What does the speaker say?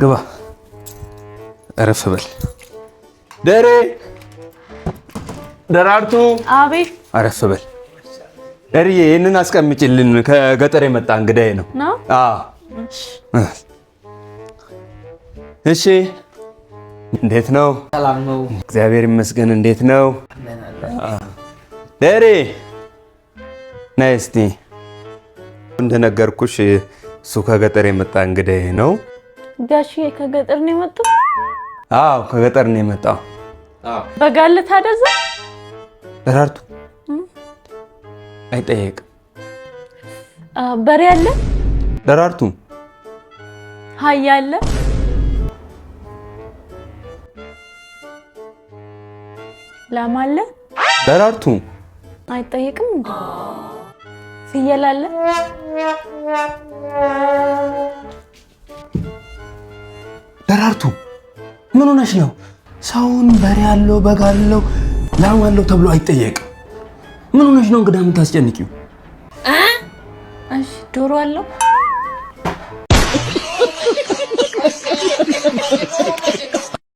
ግባ፣ እረፍ በል። ደሬ ደራርቱ፣ አቤት። አረፍ በል ደርዬ። ይህንን አስቀምጭልን፣ ከገጠር የመጣ እንግዳዬ ነው። እሺ፣ እንዴት ነው? ሰላም ነው፣ እግዚአብሔር ይመስገን። እንዴት ነው ደሬ? ነይ እስቲ። እንደነገርኩሽ እሱ ከገጠር የመጣ እንግዳዬ ነው። ጋሽዬ ከገጠር ነው የመጣው? አዎ ከገጠር ነው የመጣው። በጋለ ታደዘ ደራርቱ አይጠየቅም። በሬ አለ ደራርቱ፣ ሀያ አለ ላም አለ ደራርቱ፣ አይጠየቅም። እንዴ ፍየል አለ ደራርቱ ምን ሆነሽ ነው? ሰውን በሬ አለው በግ አለው ላም አለው ተብሎ አይጠየቅም። ምን ሆነሽ ነው እንግዳ የምታስጨንቂው? እሺ ዶሮ አለው